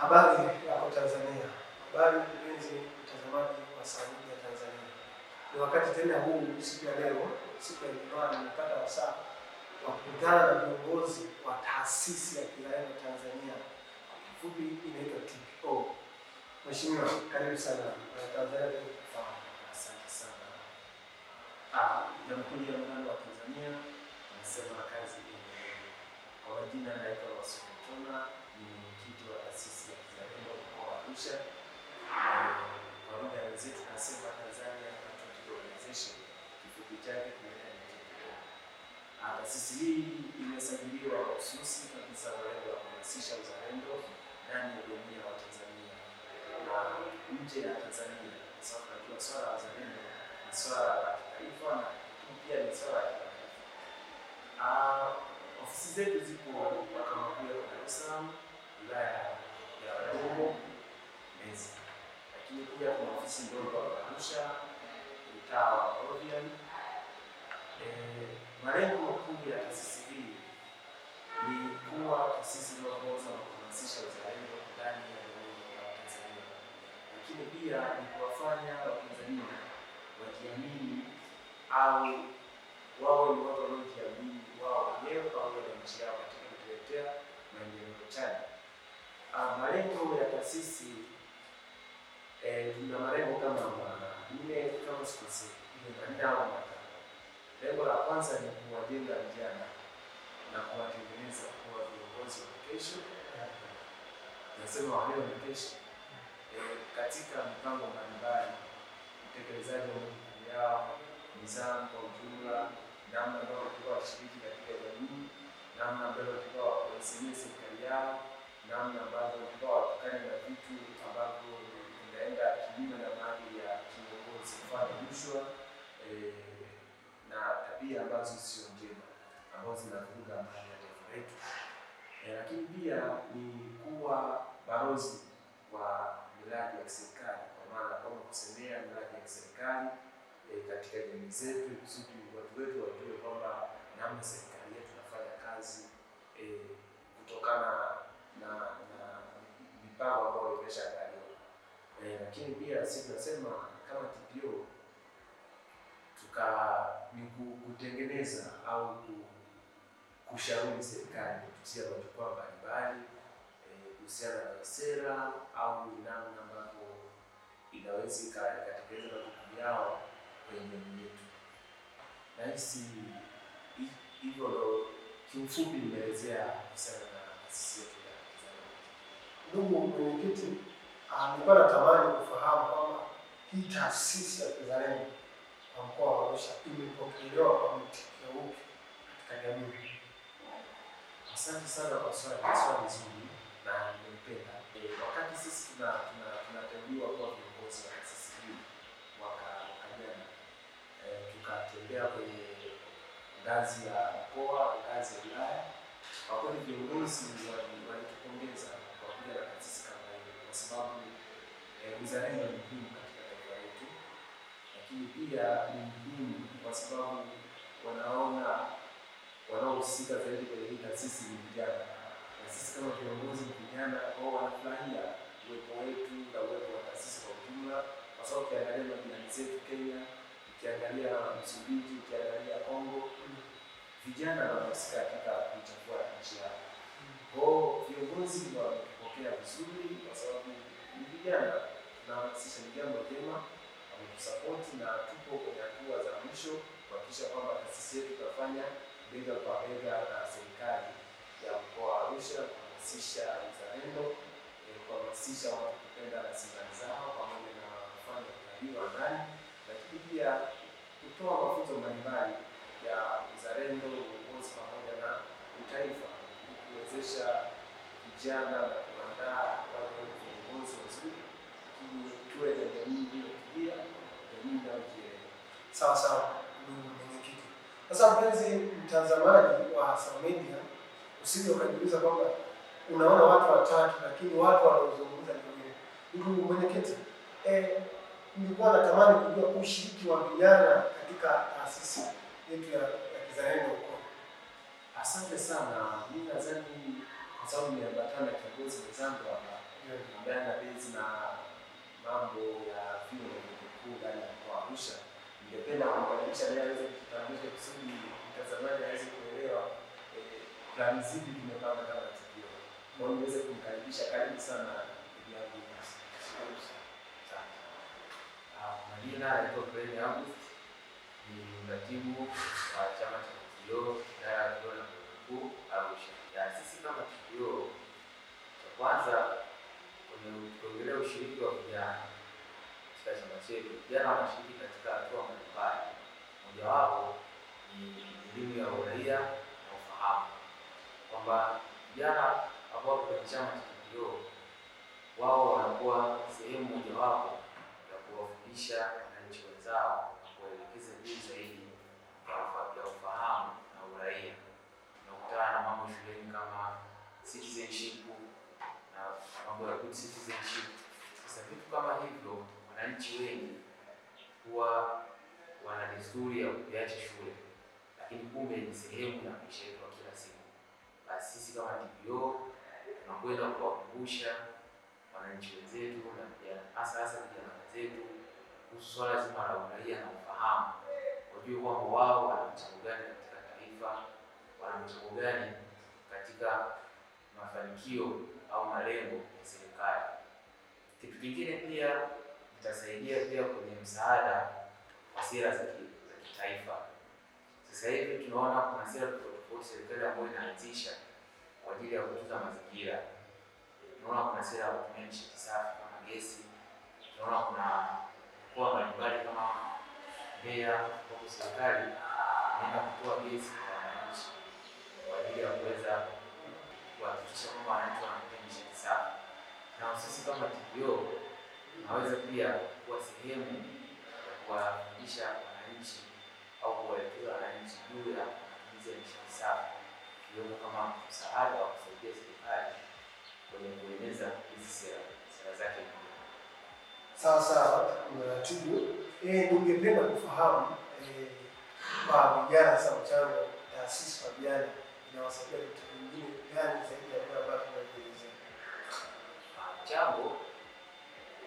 Habari yako Tanzania, habari mpenzi mtazamaji wa Sauti ya Tanzania. Ni wakati tena huu, siku ya leo, siku ya Ijumaa, nimepata wasaa wa kukutana na viongozi wa taasisi ya kiraia Tanzania, kwa kifupi inaitwa TPO. Mheshimiwa, karibu sana Tanzania. Asante sana. Ah, Jamhuri ya Muungano wa Tanzania, nasema kazi kwa majina naitwa Mtuna ni mwenyekiti wa taasisi ya kizalendo mkoa wa Arusha. Kwa lugha ya wenzetu tunasema Tanzania Patriotic Organization, kifupi chake kunaita TPO. Ah, taasisi hii imesajiliwa mahususi kabisa kwa lengo la kuhamasisha uzalendo ndani ya jamii ya Watanzania na nje ya Tanzania, kwa sababu tunajua swala la uzalendo ni swala la kitaifa na pia ni swala ya kimataifa. Ah, Ofisi zetu zipo makao makuu yako Dar es Salaam, wilaya ya Rombo, Mbezi, lakini pia kuna ofisi ndogo hapa Arusha, mtaa wa Ovian. Malengo makuu ya taasisi hii ni kuwa taasisi inayoongoza na kuhamasisha uzalendo ndani ya jamii lakini pia ni kuwafanya Watanzania wakiamini au wao ni watu maendeleo pamoja na mchango wao katika kutuletea maendeleo chanya. Ah, malengo ya taasisi eh, na malengo kama nne kama sikose nne matano. Lengo la kwanza ni kuwajenga vijana na kuwatengeneza kuwa viongozi wa kesho, nasema wa ni kesho eh, Katika mpango mbalimbali, utekelezaji wa majukumu yao, nidhamu kwa ujumla namna ambayo watakiwa washiriki katika jamii, namna ambayo watakiwa waisemie serikali yao, namna ambavyo watakiwa watokane na vitu ambavyo vinaenda kinyume na maadili ya kiongozi, mfano rushwa eh, na tabia ambazo sio njema ambazo zinavuruga amani ya taifa letu. Eh, lakini pia ni kuwa barozi wa miradi ya kiserikali, kwa maana kwamba kusemea miradi ya kiserikali e, katika jamii zetu, kusudi watu wetu wajue kwamba namna serikali yetu inafanya kazi e, kutokana na na mipango ambayo imeshaandaliwa e, lakini pia si tunasema kama TPO tuka ni kutengeneza au kushauri serikali kupitia majukwaa mbalimbali kuhusiana na sera au namna ambavyo inaweza ikatekeleza majukumu yao kwenye jamii yetu. Nahisi hivyo ndo kimfupi nimeelezea kuhusiana na taasisi yetu ya Kizalendo. Ndugu mwenyekiti, ah, nilikuwa natamani kufahamu kwamba hii taasisi ya Kizalendo kwa mkoa wa Arusha imepokelewa kwa mwitikio upi katika jamii? Asante sana kwa swali, swali zuri na nimependa. Eh, wakati sisi tunateuliwa kuwa viongozi wa taasisi kuelekea kwenye ngazi ya mkoa, ngazi ya wilaya. Kwa kweli viongozi walitupongeza kwa kuja na taasisi kama hiyo, kwa sababu eh, uzalendo ni muhimu katika taifa letu, lakini pia ni muhimu kwa sababu wanaona wanaohusika zaidi kwenye hii taasisi ni vijana, na sisi kama viongozi vijana wao wanafurahia uwepo wetu na uwepo wa taasisi kwa ujumla, kwa sababu ukiangalia majirani zetu Kenya ukiangalia Msumbiji, ukiangalia Kongo, vijana wanahusika katika kuchagua nchi yao. Kwao viongozi wametupokea vizuri, kwa sababu ni vijana tunahamasisha, ni jambo jema, wametusapoti na tupo kwenye hatua za mwisho kuhakikisha kwamba taasisi yetu tunafanya bega kwa bega na serikali ya mkoa wa Arusha kuhamasisha uzalendo, eh, kuhamasisha watu kupenda rasilimali zao pamoja na kufanya utalii wa ndani dhidi ya kutoa mafunzo mbalimbali ya uzalendo, uongozi pamoja na utaifa kuwezesha vijana na kuandaa wale viongozi wazuri, lakini tuwe na jamii iliyotulia, jamii inayojielewa. Sawa sawa, ndugu mwenyekiti. Sasa mpenzi mtazamaji wa Asam Media, usije ukajiuliza kwamba unaona watu watatu, lakini watu wanaozungumza ni wengine. Ndugu mwenyekiti, eh nilikuwa natamani kujua ushiriki wa vijana katika taasisi yetu ya, kizalendo huko. Asante sana. Mimi nadhani kwa sababu nimeambatana na kiongozi mwenzangu hapa ambaye ana base na mambo ya vyuo vikuu ndani ya mkoa wa Arusha, ningependa kumbadilisha naye aweze kutambulisha kusudi mtazamaji aweze kuelewa eh, plani zipi tumepanga kama tukio. Kwa hiyo niweze kumkaribisha. Karibu sana ndugu yangu. Majina naitwa Prem ni mratibu wa chama cha TPO idara ya vyuo na vyuo vikuu Arusha. Sisi kama TPO, cha kwanza kwenye kuongelea ushiriki wa vijana katika chama chetu. Vijana wanashiriki katika hatua mbalimbali, mojawapo ni elimu ya uraia na ufahamu, kwamba vijana ambao kwenye chama cha TPO wao wanakuwa sehemu mojawapo kuwafundisha wananchi wenzao na kuwaelekeza juu zaidi ya ufahamu na uraia. Unakutana na mambo shuleni kama citizenship na mambo ya good citizenship. Sasa vitu kama hivyo, wananchi wengi huwa wana desturi ya kuacha shule, lakini kumbe ni sehemu ya maisha yetu kila siku. Basi sisi kama TPO tunakwenda kuwakumbusha wananchi wenzetu na hasa hasa vijana wenzetu kuhusu swala zima la uraia na ufahamu, wajue kwamba wao wana mchango gani katika taifa, wana mchango gani katika mafanikio au malengo ya serikali. Kitu kingine pia itasaidia pia kwenye msaada wa sera za kitaifa. Sasa hivi tunaona kuna sera tofauti tofauti serikali ambayo inaanzisha kwa ajili ya kutunza mazingira. Tunaona kuna sera ya kutumia nishati safi kama gesi, tunaona kuna mikoa mbalimbali kama Mbeya, ambapo serikali inaenda kutoa gesi kwa wananchi kwa ajili ya kuweza kuhakikisha kwamba wananchi wanapata nishati safi, na sisi kama TPO tunaweza pia kuwa sehemu ya kuwafundisha wananchi au kuwaelekeza wananchi juu ya matumizi ya nishati safi, ikiwemo kama msaada wa kusaidia serikali kwenye kueneza hizi sera sera zake. Sawa sawa, uh, mratibu. Eh, ningependa kufahamu eh, kwa vijana sasa, mchango taasisi kwa vijana inawasaidia vitu vingine gani zaidi ya vile ambavyo tunaelezea? Mchango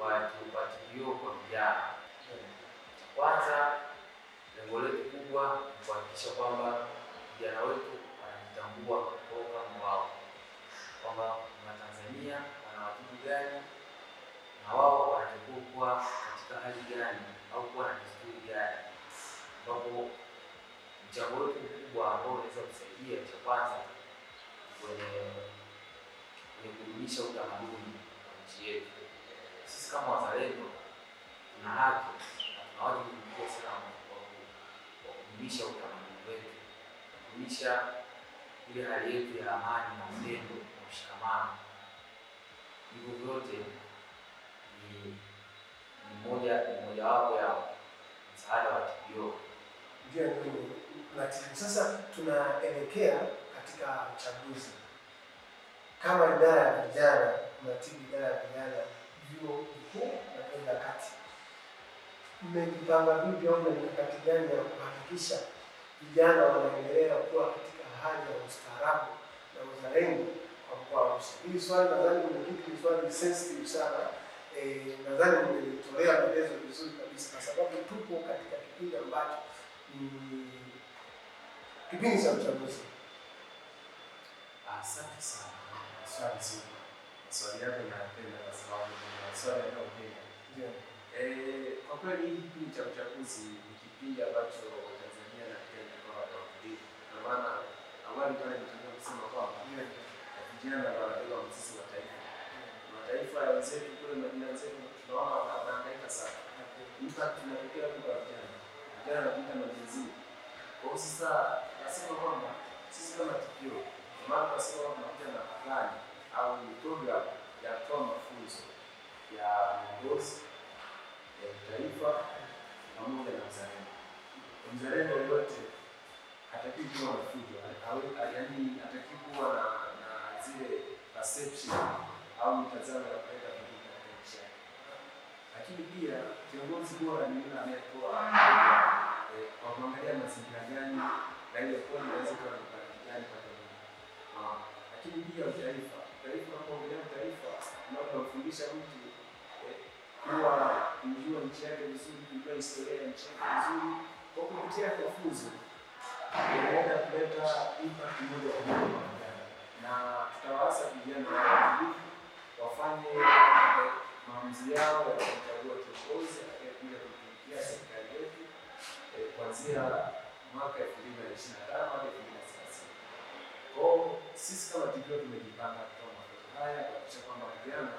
watu watukio kwa vijana, kwanza lengo letu kubwa ni kuhakikisha kwamba vijana wetu wanajitambua kutoka mwao kwamba Tanzania wana wajibu gani na wao wanatakiwa kuwa katika hali gani au kuwa na desturi gani, ambapo mchango wetu mkubwa ambao unaweza kusaidia, cha kwanza kwenye kudumisha utamaduni wa nchi yetu. Sisi kama wazalendo tuna haki na tuna wajibu mkubwa sana wa kudumisha utamaduni wetu, kudumisha ile hali yetu ya amani na upendo na mshikamano, Hivyo vyote moja ni mojawapo ya msaada wa TPO. Ndio ratibu. Sasa tunaelekea katika uchaguzi. Kama idara ya vijana, mratibu idara ya vijana vyuo vikuu na vyuo vya kati, mmejipanga vipi au mikakati gani ya kuhakikisha vijana wanaendelea kuwa katika hali ya ustaarabu na uzalendo kwa mkoa wa Arusha? Hili swali nadhani kuna kitu ni swali sensitive sana Eh, nadhani nimetolea maelezo vizuri kabisa, kwa sababu tupo katika kipindi ambacho ni kipindi cha uchaguzi. Asante sana swali zuri, swali yako napenda kwa sababu swali yanayopenda eh, kwa kweli. Hii kipindi cha uchaguzi ni kipindi ambacho Tanzania na Kenya kwa watulivu, kwa maana awali pale nitakuwa kusema kwamba vijana wanabeba mzizi wa taifa mataifa ya wenzetu kule majirani zetu tunaona wanaangaika sana. Impact inatokea kwa vijana. Vijana wanapita majenzi. Kwa hiyo sasa nasema kwamba sisi kama tukio maana tunasema kwamba na plan au ni program ya kutoa mafunzo ya uongozi ya kitaifa pamoja na mzalendo. Mzalendo yoyote hatakiwi kuwa na fujo, yaani hatakiwi kuwa na zile perception au mtazamo ya kuweka bidii katika nchi Lakini pia kiongozi bora ni yule anayetoa eh, kwa kuangalia mazingira gani na ile kodi inaweza kuwa ni gani kwa jamii. Ah, lakini pia utaifa, utaifa unapoongelea utaifa, unapofundisha mtu eh, kuwa kujua nchi yake vizuri, kujua historia ya nchi yake vizuri, kwa kupitia kufuzu inaweza kuleta impact moja kwa moja na tutawaasa vijana wa wafanye maamuzi yao ya kumchagua kiongozi atakayekuja kutumikia serikali yetu eh, kuanzia mwaka elfu mbili na ishirini na tano hadi elfu mbili na thelathini. Kwao sisi kama TPO tumejipanga kutoa mafunzo haya kuhakikisha kwamba vijana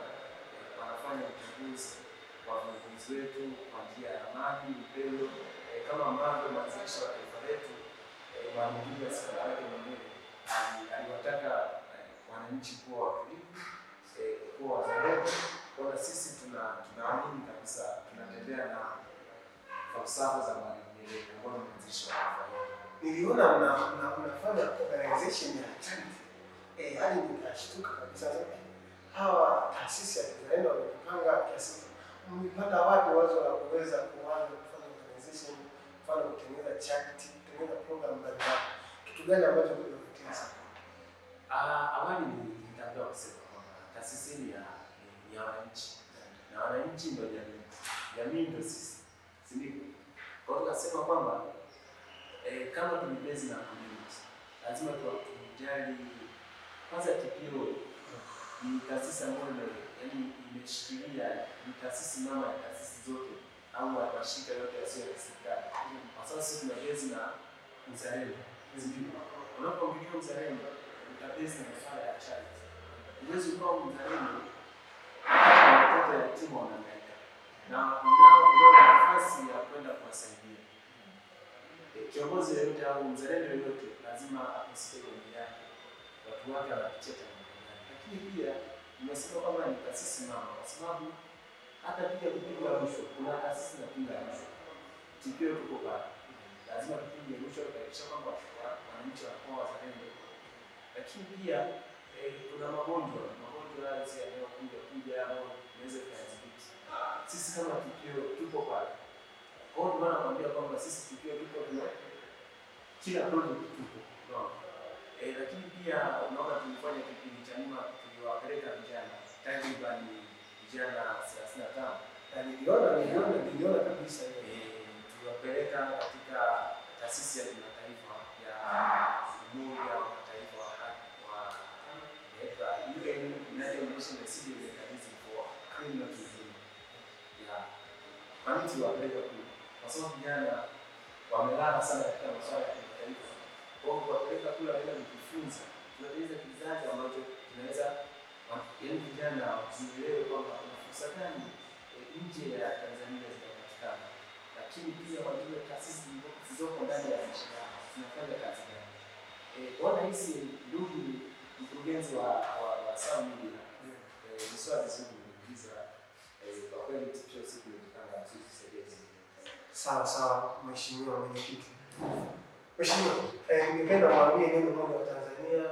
eh, wanafanya uchunguzi wa viongozi wetu kwa njia ya amani, upendo eh, kama ambavyo mwanzilishi wa taifa letu Mwalimu Julius Kambarage Nyerere aliwataka wananchi kuwa busara za maendeleo ambayo mwanzisha niliona mna mnafanya organization ya tani eh, hadi yaani nikashtuka kabisa sasa, hawa taasisi ya kizalendo wamepanga kiasi, mmepata wapi wazo la kuweza kuanza kufanya organization, mfano kutengeneza charity, kutengeneza program mbalimbali, kitu gani ambacho kinavutia sana? Ah, awali nilitaka kusema kwamba taasisi ya ya wananchi na wananchi ndio jamii, jamii ndio sisi akasema kwamba eh, kama tumipenzi na community lazima tuwajali kwanza. Kipiro ni taasisi ambayo yaani imeshikilia ni taasisi mama ya taasisi zote au mashirika yote yasiyo ya kiserikali, kwa sababu sisi tunapezi na mzalendo. Unapomgilia mzalendo utapezi na masuala ya charity. Uwezi kuwa mzalendo watoto yatima wanaangaika na unao nafasi ya kwenda kuwasaidia kiongozi yeyote au mzalendo yeyote lazima akusikie mambo yake, watu wake wanapitia changamoto gani. Lakini pia nimesema kwamba ni taasisi mama, kwa sababu hata pia kupinga rushwa, kuna taasisi zinapinga rushwa, tukiwe tuko pale lazima tupige rushwa kuhakikisha kwamba wananchi wanakuwa wazalendo. Lakini pia eh, kuna magonjwa magonjwa yasi yanayokuja kuja au yaani, inaweza kuyadhibiti. Sisi kama tukio tupo pale kwao, ndio maana kwamba sisi tukio tuko pale kila kundi tupo. Eh, lakini pia unaona tulifanya kipindi cha nyuma tuliwapeleka vijana takriban vijana 35. Na niliona niliona niliona kabisa eh, tuliwapeleka katika taasisi ya kimataifa ya Umoja wa Mataifa wa haki wa inaitwa UN International Civil Mechanism for Criminal Justice. Ya. Kwa nini tuliwapeleka kule? Kwa sababu vijana wamelala sana katika masuala ya kwa hiyo kuwapeleka kule wanaenda kujifunza, tunatengeneza kizazi ambacho tunaweza yaani vijana wasielewe kwamba kuna fursa gani eh, nje ya Tanzania zinapatikana, lakini pia wajue taasisi zilizoko ndani ya nchi yao zinafanya kazi gani. Eh, bwana hisi ndugu mkurugenzi wa wa eh, ni swali zuri nimeuliza kwa kweli, tukio siku ndio kanga sisi sasa. Sawa sawa, mheshimiwa mwenyekiti. Mheshimiwa, eh, ningependa mwambie neno wa tanzania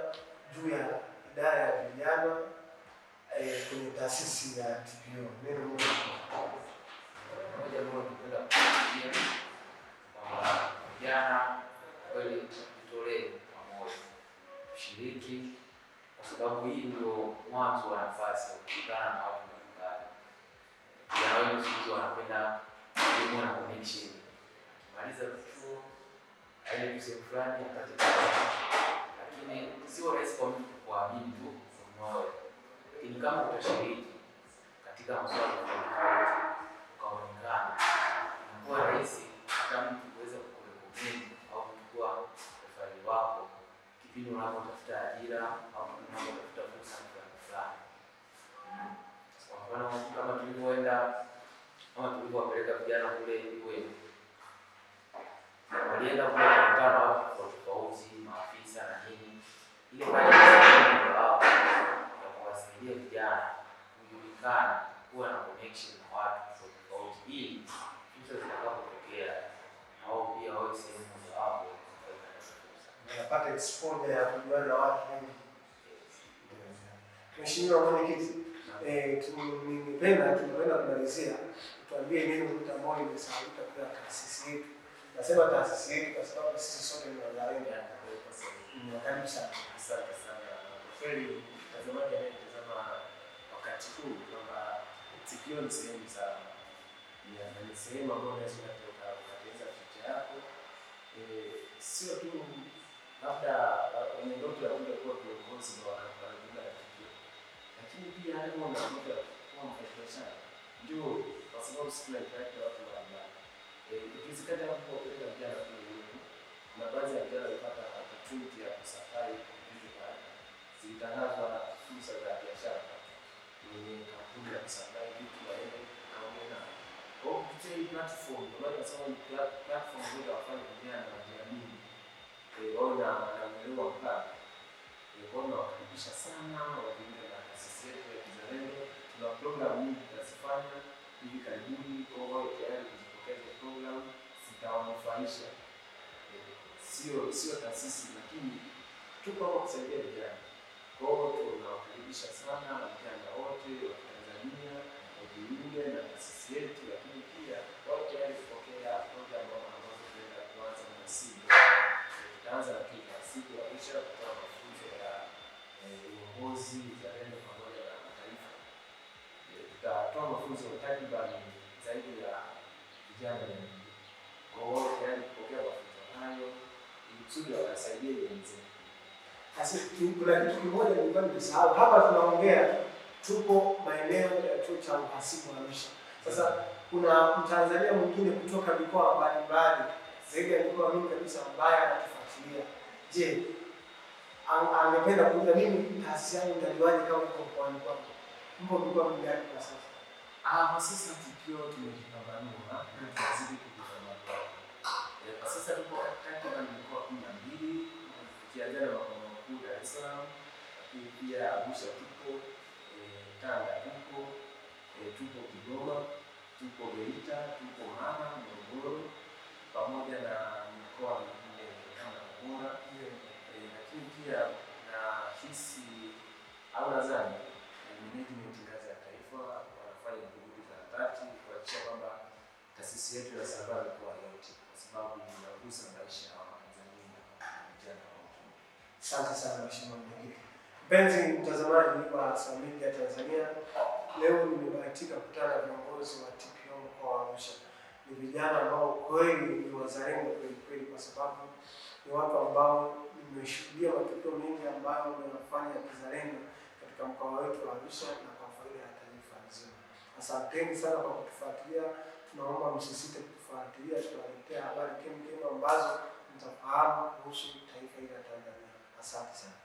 juu ya idara ya vijana eh, kwenye taasisi ya TPO. Neno moja moja moja kuambia kwamba vijana kweli tutolee pamoja kushiriki, kwa sababu hii ndio mwanzo wa nafasi ya kukutana na watu mbalimbali. Vijana wengi wanapenda elimu na connection, akimaliza chuo aende sehemu fulani akate, lakini sio rahisi kwa mtu kuamini tu mwenyewe, lakini kama utashiriki katika masuala tofauti ukaonekana, inakuwa rahisi hata mtu kuweza kukurekomendi au kuchukua wako kipindi unapotafuta ajira au unapotafuta fursa fulani fulani. Kwa mfano kama tulivyoenda ama tulivyowapeleka vijana kule iweni walienda kule kukutana watu tofauti tofauti, maafisa na nini, ili kwa ya kuwasaidia vijana kujulikana, kuwa na connection na watu tofauti tofauti, ili fursa zitakapotokea na wao pia wawe sehemu mojawapo, wanapata exposure ya kujuana na watu wengi. Mheshimiwa Mwenyekiti, eh, ningependa tunaweza kumalizia, tuambie neno nini utamoa imesahaulika kwa taasisi yetu nasema taasisi yetu kwa sababu sisi sote ni wazalendo. Karibu sana, asante sana. Kwa kweli mtazamaji anayetazama wakati huu kwamba sikio ni sehemu za sana, ni sehemu ambayo unaweza ukatengeza picha yako, Eh, sio tu labda wenye ndoto ya kuja kuwa viongozi wa wanajua ya tukio, lakini pia hata unakuja kuwa mfanyabiashara, ndio kwa sababu sikunaitakia watu mbalimbali Eh, Ikifika jana tukaongelea vijana na baadhi ya vijana walipata opportunity ya kusafari vitu pale, zilitangazwa na fursa za biashara kwenye kampuni ya kusafari vitu waende kaone na kwa kupitia hii platform, kwa maana nasema ni platform moja wafanye vijana na jamii eh, wawe na mwelewa mpana. Eh, kwa hiyo sana wajiunge na taasisi yetu ya Kizalendo. Tuna programu nyingi tunazifanya hivi karibuni, kwa hiyo tayari kwenye program zitawanufaisha, eh, sio sio taasisi, lakini tupo hapa kusaidia vijana. Kwa hiyo tunawakaribisha sana vijana wote wa Tanzania wajiunge na taasisi yetu, lakini pia wao tayari kupokea program ambazo tunaenda kuanza na sisi. Tutaanza na kila siku ya kisha kutoa mafunzo ya eh, uongozi, uzalendo pamoja na mataifa. Eh, tutatoa mafunzo takribani zaidi ya gathering yaani kupokea mafunzo hayo kusudi Sasa kuna kitu kimoja nilikuwa nimesahau hapa, tunaongea tupo maeneo ya chuo cha uhasibu Arusha. Sasa kuna Mtanzania mwingine kutoka mikoa mbalimbali zaidi ya mikoa mingi kabisa ambaye anatufuatilia. Je, angependa kuuza mimi taasisi yangu italiwaje kama iko mkoani kwako? Mpo mikoa kwa sasa? Ah, kwa sisi tukio tumejipambanua na tunazidi kujipambanua. Eh, kwa sasa tuko takriban mikoa kumi na mbili tukianzia na makao makuu Dar es Salaam, lakini pia Arusha tupo, eh, Tanga tupo, eh, tupo Kigoma, tupo Geita, tupo Mara, Morogoro pamoja na mikoa mingine kama Tabora, lakini pia na hisi au nadhani management ambayo juhudi za dhati kuhakikisha kwamba taasisi yetu ya Samba kwa yote, kwa sababu inagusa maisha ya Watanzania na vijana wa huku. Asante sana mheshimiwa mwenyekiti. Mpenzi mtazamaji wa Samba Media Tanzania, leo nimebahatika kukutana na viongozi wa TPO mkoa wa Arusha. Ni vijana ambao kweli ni wazalendo kweli kweli, kwa sababu ni watu ambao nimeshuhudia matukio mengi ambayo wanafanya kizalendo katika mkoa wetu wa Arusha. na Asanteni sana kwa kutufuatilia, tunaomba msisite kutufuatilia, tunaletea habari kemkem ambazo mtafahamu kuhusu taifa hili la Tanzania. Asante sana.